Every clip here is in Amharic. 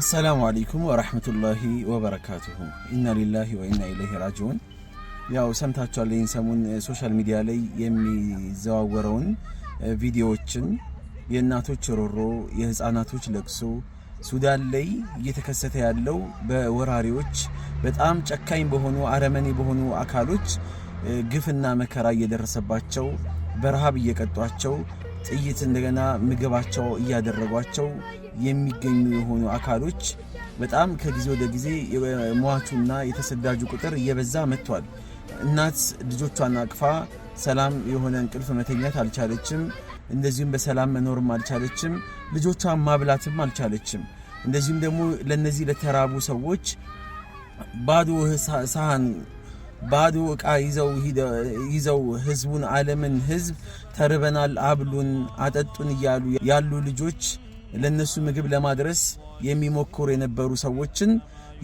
አሰላሙ አለይኩም ወራህመቱላሂ ወበረካቱሁ። ኢና ሊላሂ ወኢና ኢለይሂ ራጂዑን። ያው ሰምታችኋል፣ ይህን ሰሞን ሶሻል ሚዲያ ላይ የሚዘዋወረውን ቪዲዮዎችን የእናቶች ሮሮ፣ የህፃናቶች ለቅሶ ሱዳን ላይ እየተከሰተ ያለው በወራሪዎች በጣም ጨካኝ በሆኑ አረመኔ በሆኑ አካሎች ግፍና መከራ እየደረሰባቸው በረሃብ እየቀጧቸው ጥይት እንደገና ምግባቸው እያደረጓቸው የሚገኙ የሆኑ አካሎች በጣም ከጊዜ ወደ ጊዜ ሟቹና የተሰዳጁ ቁጥር እየበዛ መጥቷል። እናት ልጆቿን አቅፋ ሰላም የሆነ እንቅልፍ መተኛት አልቻለችም። እንደዚሁም በሰላም መኖርም አልቻለችም። ልጆቿን ማብላትም አልቻለችም። እንደዚሁም ደግሞ ለነዚህ ለተራቡ ሰዎች ባዶ ሳህን ባዶ ዕቃ ይዘው ህዝቡን ዓለምን ህዝብ ተርበናል፣ አብሉን፣ አጠጡን እያሉ ያሉ ልጆች ለነሱ ምግብ ለማድረስ የሚሞክሩ የነበሩ ሰዎችን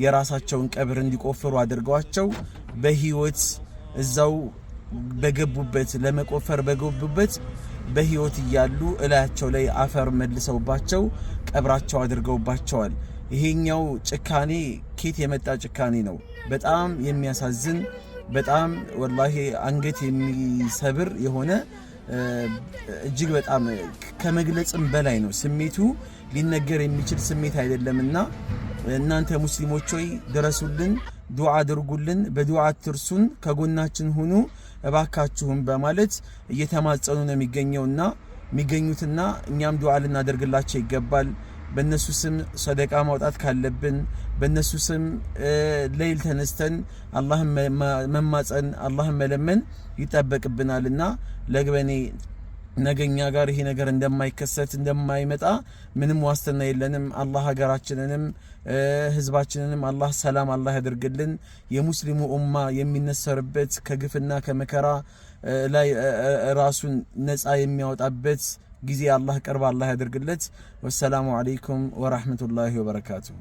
የራሳቸውን ቀብር እንዲቆፍሩ አድርገዋቸው በህይወት እዛው በገቡበት ለመቆፈር በገቡበት በህይወት እያሉ እላያቸው ላይ አፈር መልሰውባቸው ቀብራቸው አድርገውባቸዋል። ይሄኛው ጭካኔ ኬት የመጣ ጭካኔ ነው። በጣም የሚያሳዝን በጣም ወላሂ አንገት የሚሰብር የሆነ እጅግ በጣም ከመግለጽም በላይ ነው ስሜቱ። ሊነገር የሚችል ስሜት አይደለምና እናንተ ሙስሊሞች ሆይ ድረሱልን፣ ዱዓ አድርጉልን፣ በዱዓ አትርሱን፣ ከጎናችን ሁኑ እባካችሁም በማለት እየተማጸኑ ነው የሚገኘውና የሚገኙትና እኛም ዱዓ ልናደርግላቸው ይገባል። በእነሱ ስም ሰደቃ ማውጣት ካለብን በእነሱ ስም ሌይል ተነስተን አላህን መማፀን አላህን መለመን ይጠበቅብናልና ለግበኔ ነገኛ ጋር ይሄ ነገር እንደማይከሰት እንደማይመጣ ምንም ዋስትና የለንም። አላህ ሀገራችንንም ህዝባችንንም አላህ ሰላም አላህ ያድርግልን። የሙስሊሙ ኡማ የሚነሰርበት ከግፍና ከመከራ ላይ ራሱን ነፃ የሚያወጣበት ጊዜ አላህ ቅርብ አላህ ያደርግለት። ወሰላሙ አለይኩም ወራህመቱላሂ ወበረካቱሁ።